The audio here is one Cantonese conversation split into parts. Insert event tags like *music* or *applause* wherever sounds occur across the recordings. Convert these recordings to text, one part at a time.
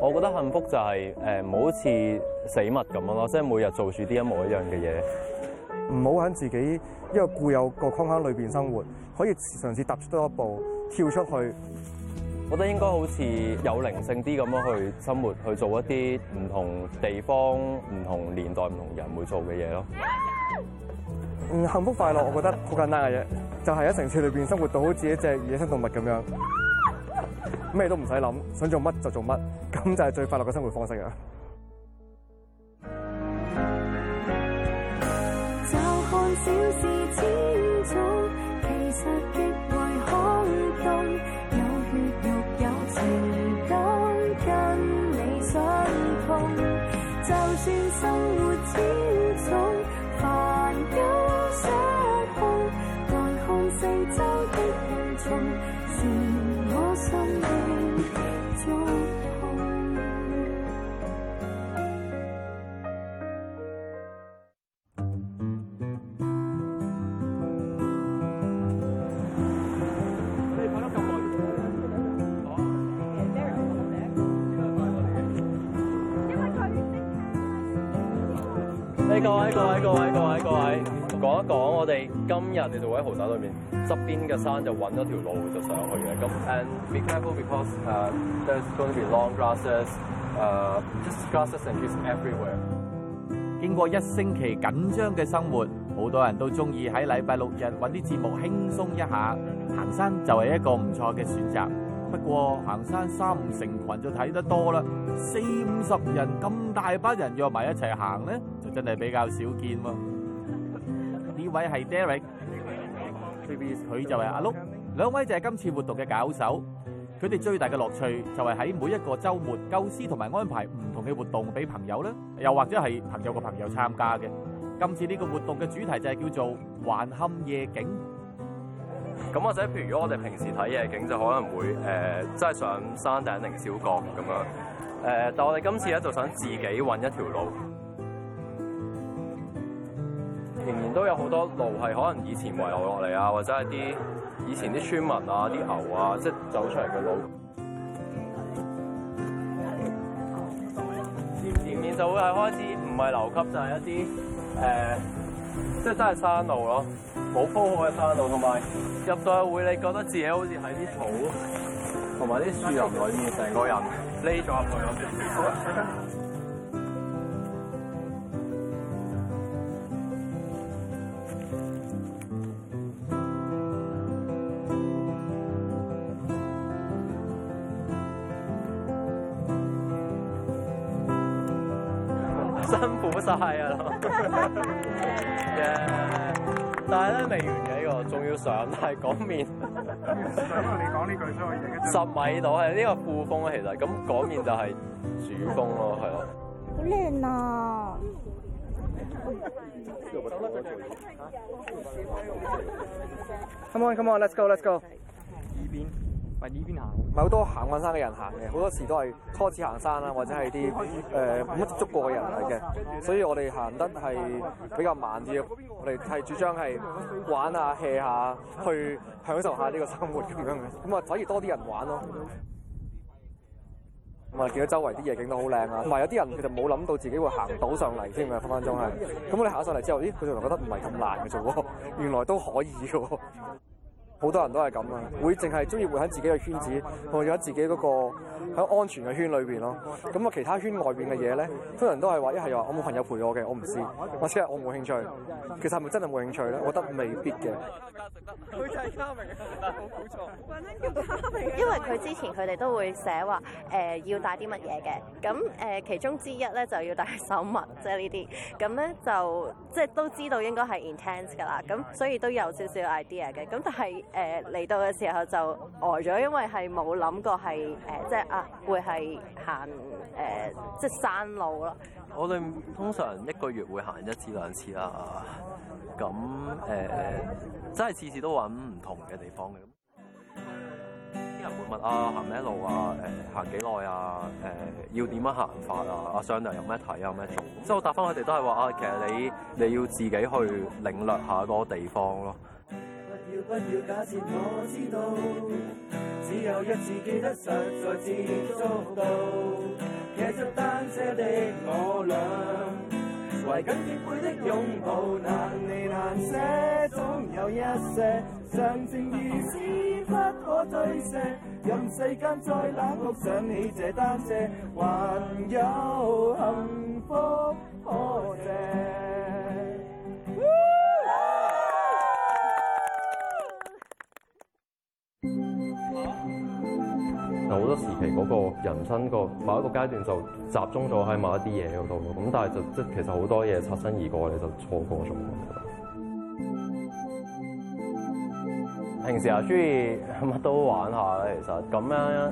我覺得幸福就係誒，唔好似死物咁樣咯，即係每日做住啲一模一樣嘅嘢，唔好喺自己一個固有個框框裏邊生活，可以嘗試踏出多一步，跳出去。我覺得應該好似有靈性啲咁樣去生活，去做一啲唔同地方、唔同年代、唔同人會做嘅嘢咯。嗯，幸福快樂，我覺得好簡單嘅嘢，就係喺城市裏邊生活到好似一隻野生動物咁樣，咩都唔使諗，想做乜就做乜。咁 *laughs* 就係最快樂嘅生活方式啊！各位各位各位各位各位，講一講我哋今日你嚟，到喺豪宅裏面側邊嘅山就揾咗條路就上去嘅。咁，and we travel because, uh, there's going to be long grasses, uh, just grasses and trees everywhere。經過一星期緊張嘅生活，好多人都中意喺禮拜六日揾啲節目輕鬆一下，行山就係一個唔錯嘅選擇。不過行山三五成群就睇得多啦，四五十人咁大班人約埋一齊行咧。真係比較少見喎！呢位係 Derek，佢就係阿 Look。兩位就係今次活動嘅搞手。佢哋最大嘅樂趣就係喺每一個週末構思同埋安排唔同嘅活動俾朋友咧，又或者係朋友個朋友參加嘅。今次呢個活動嘅主題就係叫做環磡夜景。咁或者譬如果我哋平時睇夜景就可能會誒，即係上山頂定小角咁樣誒，但我哋今次咧就想自己揾一條路。都有好多路係可能以前遺留落嚟啊，或者係啲以前啲村民啊、啲牛啊，即係走出嚟嘅路。前前面就會係開始唔係樓級就係、係、一啲誒，即、呃、係、就係、真係山路咯，冇鋪好嘅山路。同埋入到去會，你覺得自己好似喺啲草同埋啲樹林裏面，成個人匿咗入去 *laughs* 但係嗰面，因為你講呢句所有嘢嘅十米度係呢個副峰咧，其實咁嗰面就係主峰咯，係咯。好靚啊！Come on come on，let's go let's go。呢邊。咪呢邊行，咪好多行運山嘅人行嘅，好多時都係初次行山啦，或者係啲誒乜足過嘅人嚟嘅，所以我哋行得係比較慢啲，我哋係主張係玩下、hea 下，去享受下呢個生活咁樣嘅，咁啊反而多啲人玩咯。咁啊，見到周圍啲夜景都好靚啊，同埋有啲人佢就冇諗到自己會行到上嚟先啊，分分鐘係。咁我哋行上嚟之後，咦，佢就覺得唔係咁難嘅啫喎，原來都可以喎。好多人都係咁啊，會淨係中意活喺自己嘅圈子，同埋喺自己嗰、那個喺安全嘅圈裏邊咯。咁啊，其他圈外邊嘅嘢咧，通常都係話一係話我冇朋友陪我嘅，我唔試，或者我冇興趣。其實係咪真係冇興趣咧？我覺得未必嘅。好正嘉明啊！冇錯，揾緊嘉明。因為佢之前佢哋都會寫話誒、呃、要帶啲乜嘢嘅，咁誒、呃、其中之一咧就要帶手襪，就是、這些即係呢啲。咁咧就即係都知道應該係 intense 㗎啦。咁所以都有少少 idea 嘅。咁但係。誒，嚟到嘅時候就呆咗，因為係冇諗過係誒、呃呃，即係啊會係行誒即係山路咯。我哋通常一個月會行一次，兩次，兩次啦。咁、呃、誒真係次次都揾唔同嘅地方嘅。啲人會問啊，行咩路啊？誒行幾耐啊？誒、呃、要點樣行法啊？阿 s h 有咩睇啊？咩做？即係我答翻佢哋都係話啊，其實你你要自己去領略下嗰個地方咯。不要假設我知道，只有一次記得實在接觸到。騎着單車的我倆，懷緊貼背的擁抱，難離難捨，總有一些常情如此不可推卸。任世間再冷酷，想起這單車，還有幸福可借。好多時期嗰個人生個某一個階段就集中咗喺某一啲嘢嗰度咁但係就即係其實好多嘢擦身而過，你就錯過咗。平時啊，中意乜都玩一下咧，其實咁樣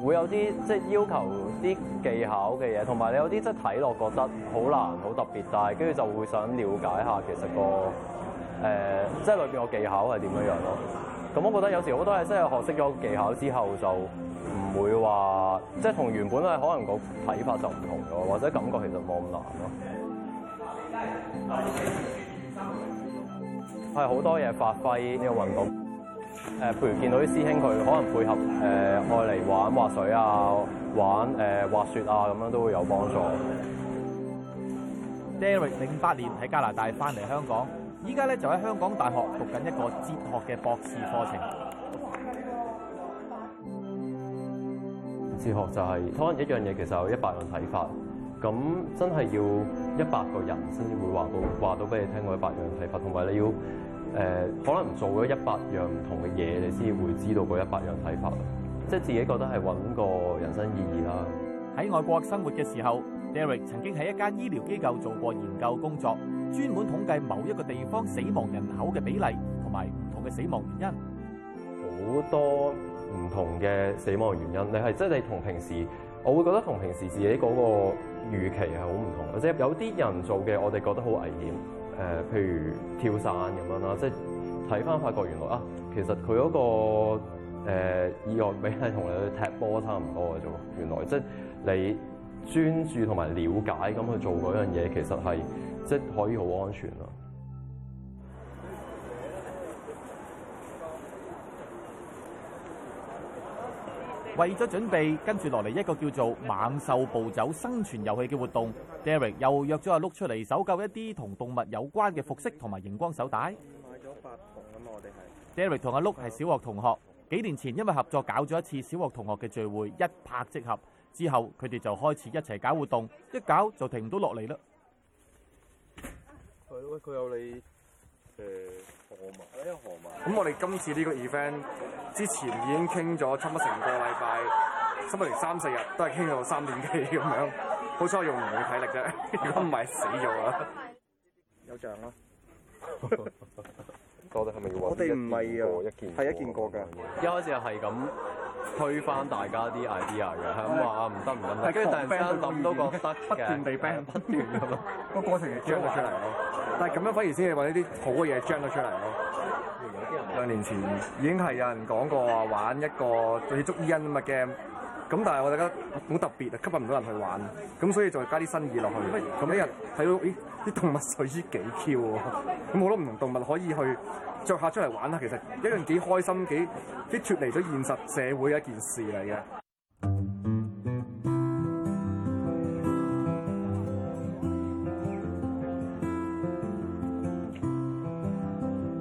誒，會有啲即係要求啲技巧嘅嘢，同埋你有啲即係睇落覺得好難、好特別，但係跟住就會想了解一下其實、個誒、呃、即係裏邊個技巧係點樣樣咯。咁我覺得有時好多嘢真係學識咗技巧之後就。會話即係同原本係可能個睇法就唔同咗，或者感覺其實冇咁難咯。係、uh、好 -huh. 多嘢發揮呢個運動，誒、呃、譬如見到啲師兄佢可能配合誒用嚟玩滑水啊、玩誒、呃、滑雪啊咁樣都會有幫助。Derek 零八年喺加拿大翻嚟香港，依家咧就喺香港大學讀緊一個哲學嘅博士課程。哲學就係、是、可能一樣嘢其實有一百樣睇法，咁真係要一百個人先至會話到話到俾你聽我一百樣睇法，同埋你要誒、呃、可能做咗一百樣唔同嘅嘢，你先至會知道嗰一百樣睇法。即係自己覺得係揾個人生意義啦。喺外國生活嘅時候，Derek 曾經喺一間醫療機構做過研究工作，專門統計某一個地方死亡人口嘅比例同埋唔同嘅死亡原因，好多。唔同嘅死亡原因，就是、你係即係你同平時我會覺得同平時自己嗰個預期係好唔同，即、就、係、是、有啲人做嘅，我哋覺得好危險。誒、呃，譬如跳傘咁樣啦，即係睇翻發覺原來啊，其實佢嗰、那個誒、呃、意外，俾係同你踢波差唔多嘅啫。原來即係你專注同埋了解咁去做嗰樣嘢，其實係即係可以好安全咯。為咗準備，跟住落嚟一個叫做《猛獸暴走生存遊戲》嘅活動，Derek 又約咗阿 Look 出嚟搜購一啲同動物有關嘅服飾同埋熒光手帶。Derek 同阿 Look 係小學同學，幾年前因為合作搞咗一次小學同學嘅聚會，一拍即合，之後佢哋就開始一齊搞活動，一搞就停唔到落嚟啦。佢咯，佢有你。誒、嗯，河馬，係啊，河馬。咁我哋今次呢個 event 之前已經傾咗差唔多成個禮拜，差唔多成三四日都係傾到三點幾咁樣，好彩我用唔到體力啫，如果唔係死咗啊。有仗咯。多啲係咪要揾一件過一件過？係一件過噶。一開始又係咁。推翻大家啲 idea 嘅，咁話唔得唔得，跟住突然之間諗都覺得不斷地 ban 不斷咁咯， *laughs* 個過程又將咗出嚟咯。但係咁樣反而先至話呢啲好嘅嘢將咗出嚟咯。兩年前已經係有人講過玩一個好似捉伊恩咁嘅 game，咁但係我覺得好特別啊，吸引唔到人去玩，咁所以再加啲新意落去。咁、嗯、一日睇到咦啲動物水姿幾 q？咁好多唔同動物可以去。著客出嚟玩啦！其實一樣幾開心，幾啲脱離咗現實社會嘅一件事嚟嘅。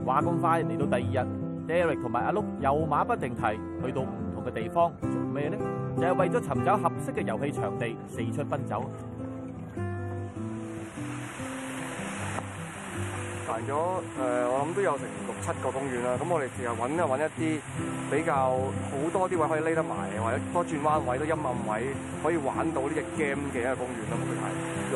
話咁快嚟到第二日，Derek 同埋阿碌又馬不停蹄去到唔同嘅地方做咩呢？就係為咗尋找合適嘅遊戲場地，四出奔走。行咗誒，我諗都有成七個公園啦，咁我哋成日揾一揾一啲比較好多啲位可以匿得埋，或者多轉彎位、都陰暗位，可以玩到呢隻 game 嘅一個公園啦。咁佢係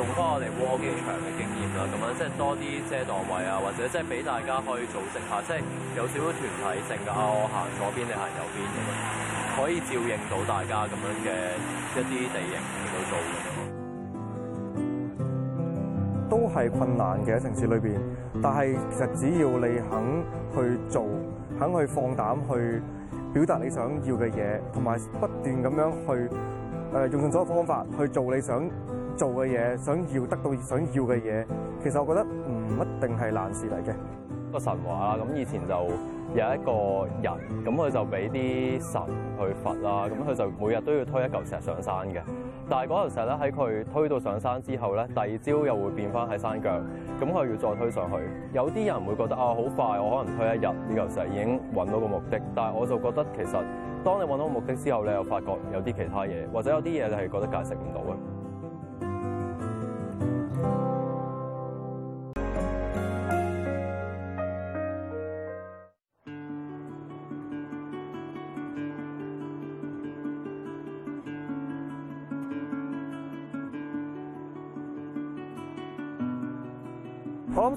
用翻我哋 war game 場嘅經驗啦，咁樣即係多啲遮擋位啊，或者即係俾大家可以組織下，即係有少少團體性嘅啊，我行左邊你行右邊咁樣，可以照應到大家咁樣嘅一啲地形嚟做。都係困難嘅，喺城市裏邊，但係其實只要你肯去做，肯去放膽去表達你想要嘅嘢，同埋不斷咁樣去誒、呃、用咗所有方法去做你想做嘅嘢，想要得到想要嘅嘢，其實我覺得唔一定係難事嚟嘅。個神話啦，咁以前就有一個人，咁佢就俾啲神去罰啦，咁佢就每日都要推一嚿石上山嘅。但係嗰嚿石咧，喺佢推到上山之後咧，第二朝又會變翻喺山腳，咁佢要再推上去。有啲人會覺得啊，好快，我可能推一日呢嚿石已經揾到個目的。但係我就覺得其實，當你揾到個目的之後呢，你又發覺有啲其他嘢，或者有啲嘢你係覺得解釋唔到嘅。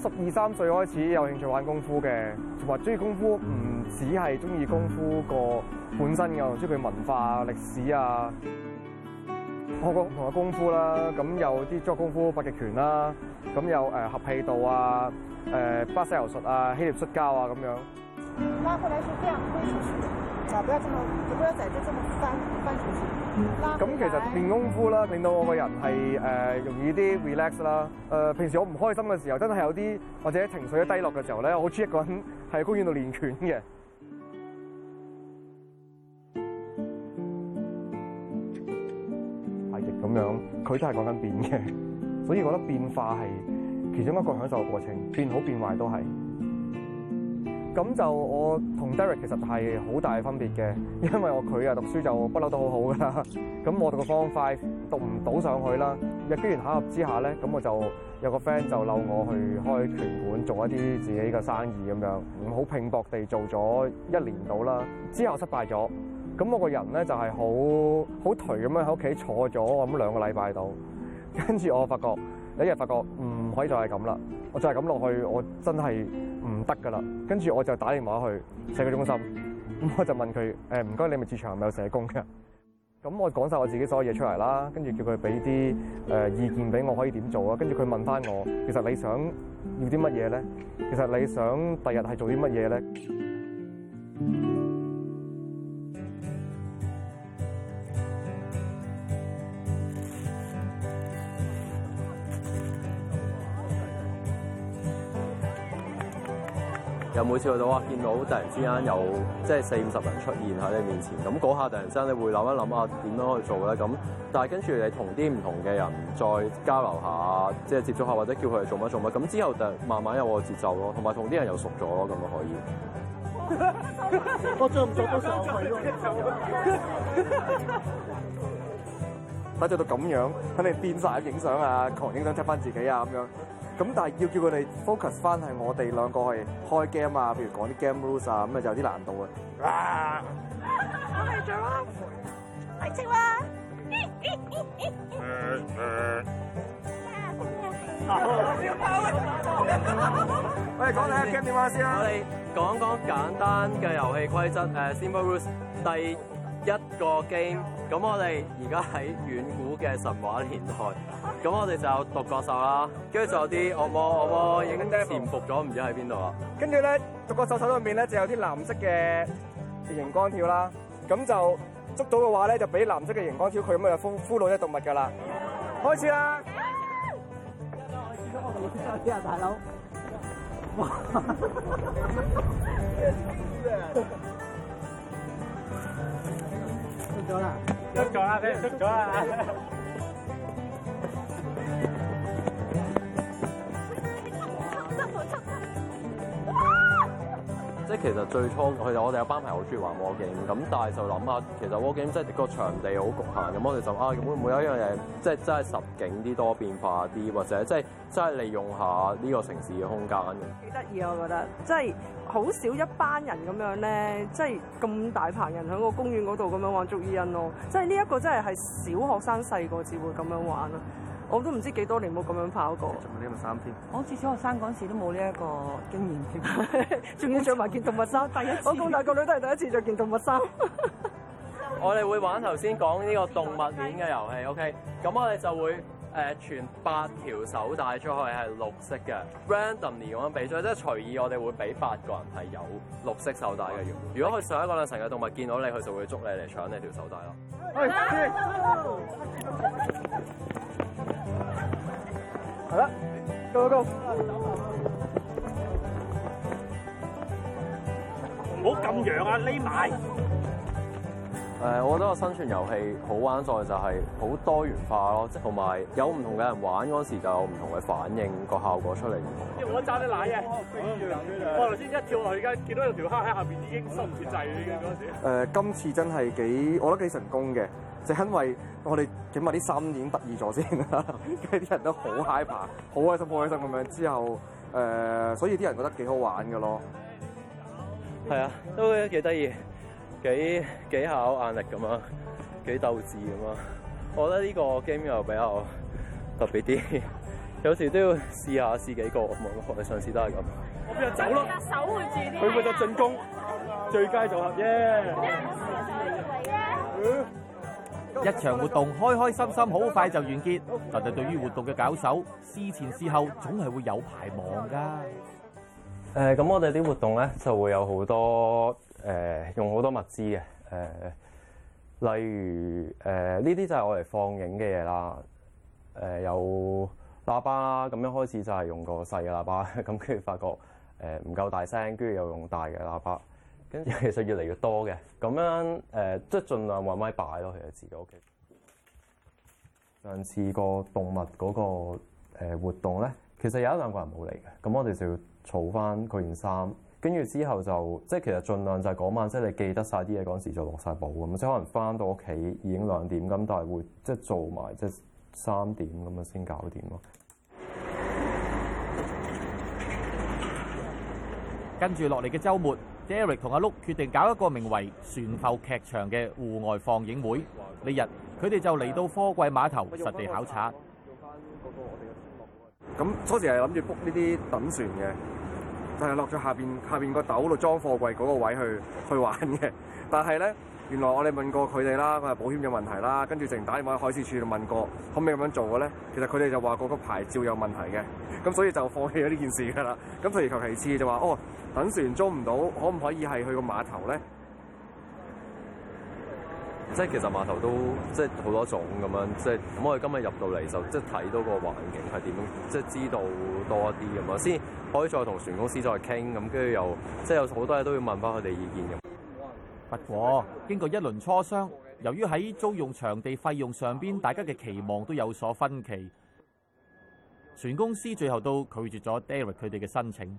十二三歲開始有興趣玩功夫嘅，或中意功夫唔只係中意功夫個本身嘅，中意佢文化歷史啊。學過唔同嘅功夫啦，咁有啲中國功夫、八極拳啦，咁有誒合、呃、氣道啊、誒、呃、巴西柔術啊、希臘摔跤啊咁樣。嗯就、啊、不要這麼，就不要再這麼翻翻。咁其實練功夫啦，令到我個人係誒、呃、容易啲 relax 啦。誒、呃，平時我唔開心嘅時候，真係有啲或者情緒低落嘅時候咧，我好中意、嗯、一個人喺公園度練拳嘅。太極咁樣，佢都係講緊變嘅，所以我覺得變化係其中一個享受嘅過程，變好變壞都係。咁就我同 Derek 其實係好大分別嘅，因為我佢啊讀書就讀不嬲都好好噶啦，咁我讀個 Form 5讀唔到上去啦。日機緣巧合之下咧，咁我就有個 friend 就溜我去開拳館，做一啲自己嘅生意咁樣，好拼搏地做咗一年到啦。之後失敗咗，咁我個人咧就係好好頹咁樣喺屋企坐咗咁兩個禮拜到，跟住我發覺有一日發覺唔、嗯唔可以再係咁啦！我再係咁落去，我真係唔得噶啦。跟住我就打電話去社區中心，咁、嗯、我就問佢：誒唔該，你咪駐場，咪有社工嘅？咁、嗯、我講晒我自己所有嘢出嚟啦，跟住叫佢俾啲誒意見俾我，可以點做啊？跟住佢問翻我：其實你想要啲乜嘢咧？其實你想第日係做啲乜嘢咧？又每次去到啊，見到突然之間有即係四五十人出現喺你面前，咁嗰下突然之間你會諗一諗下點樣去做咧？咁但係跟住你同啲唔同嘅人再交流下，即係接觸下，或者叫佢哋做乜做乜咁之後，就慢慢有個節奏咯，同埋同啲人又熟咗咯，咁樣就可以。 *laughs* *laughs* 啊、不做的 *laughs* 我着唔着都收台咯， *laughs* *laughs* 看得着到咁樣，睇你變曬影相啊，狂影相 take 翻自己啊咁樣。咁但係要叫佢哋 focus 翻係我哋兩個係開 game 啊，譬如講啲 game rules 啊，咁啊有啲難度啊。我係青蛙，係青蛙。喂，講你 game 電話先啊。我哋講講簡單嘅遊戲規則，誒，game rules 第一個 game。咁我哋而家喺遠古嘅神話年代，咁我哋就有獨角獸啦，跟住仲有啲惡魔，惡魔已經潛伏咗，唔知喺邊度啊？跟住咧，獨角獸手上面咧就有啲藍色嘅熒光條啦，咁就捉到嘅話咧，就俾藍色嘅熒光條。佢咁啊，俘俘虜啲動物㗎啦！開始啦！一開始都冇啲啊，大佬！得，得，即係其實最初，佢哋我哋有班朋友好中意玩 walking。咁但係就諗下，其實 walking 即係個場地好局限，咁我哋就想啊，會唔會有一樣嘢，即係真係實景啲、多變化啲，或者即係真係利用一下呢個城市嘅空間嘅，幾得意啊！我覺得即係。就是。好少一班人咁樣咧，即係咁大棚人喺個公園嗰度咁樣玩捉伊人咯，即係呢一個真係係小學生細個至會咁樣玩咯。我都唔知幾多年冇咁樣跑過。做呢個三天。我好似小學生嗰陣時都冇呢一個經驗添，仲 *laughs* 要着埋件動物衫，第一次。我咁大個女都係第一次着件動物衫 *laughs* 。我哋會玩頭先講呢個動物鏈嘅遊戲，OK？咁我哋就會。誒、呃，全八條手帶出去係綠色嘅 randomly 咁樣俾，即係隨意。我哋會俾八個人係有綠色手帶嘅。如果佢上一個兩成嘅動物見到你，佢就會捉你嚟搶你條手帶咯、哎。係，好，唔好咁揚啊，匿、啊、埋。 *laughs* *laughs* *laughs* right. go, go. *laughs* 誒、嗯，我覺得個生存遊戲好玩在就係好多元化咯，即係同埋有唔同嘅人玩嗰陣時候，就有唔同嘅反應，個效果出嚟唔同，我爭啲奶嘅，我頭先一跳落去，而家見到有條黑喺下面已經收唔住掣啦，已嗰時、呃。今次真係幾，我覺得幾成功嘅，就是、因為我哋整埋啲心已經得意咗先啦，跟住啲人都好害怕，好開心，好開心咁樣。之後誒、呃，所以啲人覺得幾好玩嘅咯。係啊，都幾得意。幾幾考眼力咁啊，幾鬥智咁啊，我覺得呢個 game 又比較特別啲， *laughs* 有時都要試下試，試幾個，我哋上次都係咁。我邊度走咯？佢會就進攻，最佳組合啫、yeah.。一場活動開開心心，好快就完結。但係對於活動嘅搞手，事前事後總係會有排忙噶。誒、呃，咁我哋啲活動咧就會有好多。誒、呃、用好多物資嘅。誒、呃，例如誒呢啲就係我嚟放映嘅嘢啦。誒、呃、有喇叭啦，咁樣開始就係用個細嘅喇叭，咁跟住發覺誒唔、呃、夠大聲，跟住又用大嘅喇叭，跟住其實越嚟越多嘅。咁樣誒、呃，即係盡量揾位擺咯。其實自己屋企上次個動物嗰個活動咧，其實有一兩個人冇嚟嘅，咁我哋就要儲翻佢件衫。跟住之後就，即其實盡量就係嗰晚，即係你記得曬啲嘢嗰時就落曬簿咁，即可能翻到屋企已經兩點咁，但係會即係做埋即三點咁啊先搞掂咯。跟住落嚟嘅週末 Derek 同阿 Look 決定搞一個名為船浮劇場嘅戶外放映會。呢日佢哋就嚟到貨櫃碼頭實地考察。做翻嗰個我哋嘅，咁當時係諗住 book 呢啲等船嘅。就係落咗下邊，下邊個斗度裝貨櫃嗰個位去去玩嘅，但係咧原來我哋問過佢哋啦，佢話保險嘅問題啦，跟住成打電話海事處度問過可唔可以咁樣做嘅咧，其實佢哋就話嗰個牌照有問題嘅，咁所以就放棄咗呢件事噶啦，咁佢而求其次就話哦，等船租唔到，可唔可以係去個碼頭咧？即係其實碼頭都即係好多種咁樣，即係咁我哋今日入到嚟就即係睇到個環境係點，即係知道多一啲咁啊先，可以再同船公司再傾咁，跟住又即係有好多嘢都要問翻佢哋意見咁。不過經過一輪磋商，由於喺租用場地費用上邊，大家嘅期望都有所分歧，船公司最後都拒絕咗 Derek 佢哋嘅申請。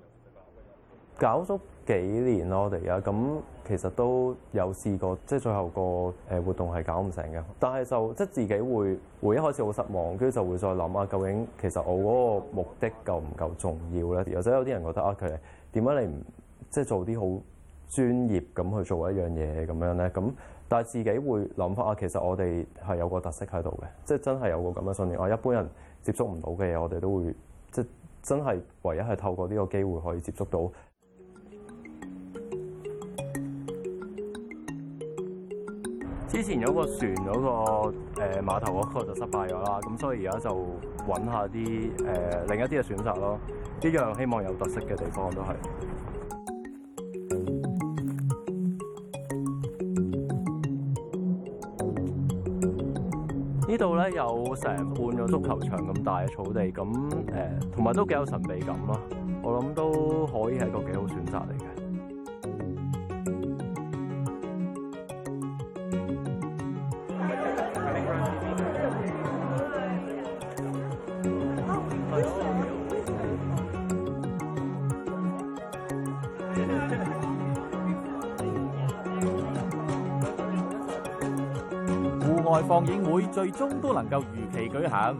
搞咗幾年咯，我哋而家咁，其實都有試過，即係最後個活動係搞唔成嘅。但係就即係自己會會一開始好失望，跟住就會再諗啊，究竟其實我嗰個目的夠唔夠重要咧？或者有啲人覺得啊，佢點解你唔即係做啲好專業咁去做一樣嘢咁樣咧？咁但係自己會諗翻啊，其實我哋係有個特色喺度嘅，即係真係有個咁嘅信念。我一般人接觸唔到嘅嘢，我哋都會即係真係唯一係透過呢個機會可以接觸到。之前有個船、那個，嗰個誒碼頭嗰個就失敗咗啦，咁所以而家就揾下啲誒、呃、另一啲嘅選擇咯，一樣希望有特色嘅地方都係。這裏呢度咧有成半個足球場咁大嘅草地，咁誒同埋都幾有神秘感咯，我諗都可以係個幾好選擇嚟嘅。放映會最終都能夠如期舉行，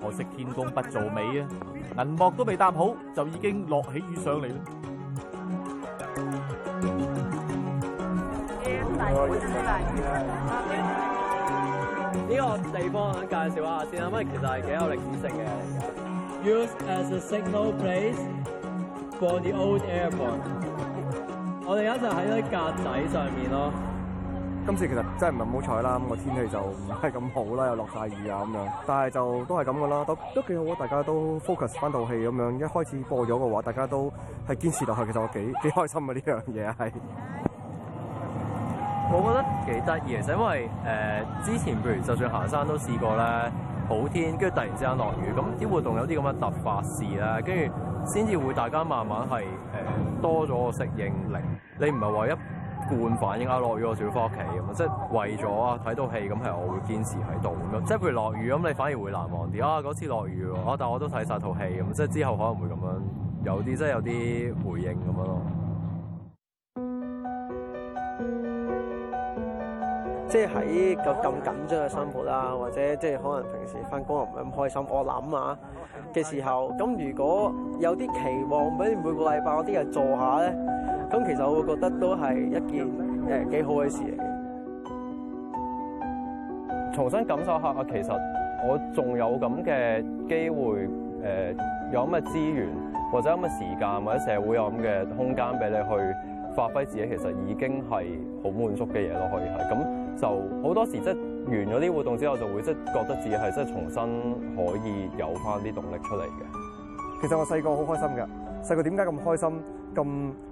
可惜天公不作美啊！銀幕都未搭好，就已經落起雨上嚟啦。呢個地方我介紹下先啊，因為其實係幾有歷史性嘅。Used as a signal place for the old airport，我哋而家就喺啲格仔上面咯。今次其實真係唔係好彩啦，咁個天氣就唔係咁好啦，又落曬雨啊咁樣。但係就都係咁噶啦，都都幾好啊！大家都 focus 翻套戲咁樣，一開始播咗嘅話，大家都係堅持落去。其實我幾幾開心啊！呢樣嘢係，我覺得幾得意，其實因為誒、呃、之前譬如就算行山都試過咧好天，跟住突然之間落雨，咁啲活動有啲咁嘅突發事啦，跟住先至會大家慢慢係誒、呃、多咗個適應力。你唔係話一。半反應啊！落雨我就要翻屋企咁即係為咗睇到戲咁係，我會堅持喺度咁咯。即係譬如落雨咁，你反而會難忘啲啊！嗰次落雨喎、啊，但我都睇晒套戲咁，即係之後可能會咁樣有啲，即係有啲回應咁樣咯。即係喺咁緊張嘅生活啊，或者即係可能平時翻工又唔係咁開心，我諗啊嘅時候，咁如果有啲期望俾每個禮拜我啲人坐下咧。咁其實我會覺得都係一件誒幾好嘅事嚟嘅。重新感受下啊，其實我仲有咁嘅機會，誒、呃、有咁嘅資源，或者咁嘅時間，或者社會有咁嘅空間俾你去發揮自己，其實已經係好滿足嘅嘢咯。可以係咁，就好多時，即係完咗啲活動之後，就會即係覺得自己係即係重新可以有翻啲動力出嚟嘅。其實我細個好開心㗎，細個點解咁開心？咁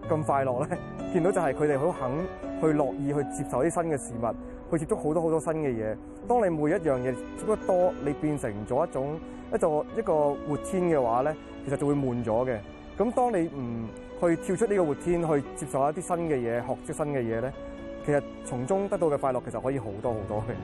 咁快樂咧，見到就係佢哋好肯去樂意去接受啲新嘅事物，去接觸好多好多新嘅嘢。當你每一樣嘢接得多，你變成咗一種一座一個 routine 嘅話咧，其實就會悶咗嘅。咁當你唔去跳出呢個 routine 去接受一啲新嘅嘢，學啲新嘅嘢咧，其實從中得到嘅快樂其實可以好多好多嘅。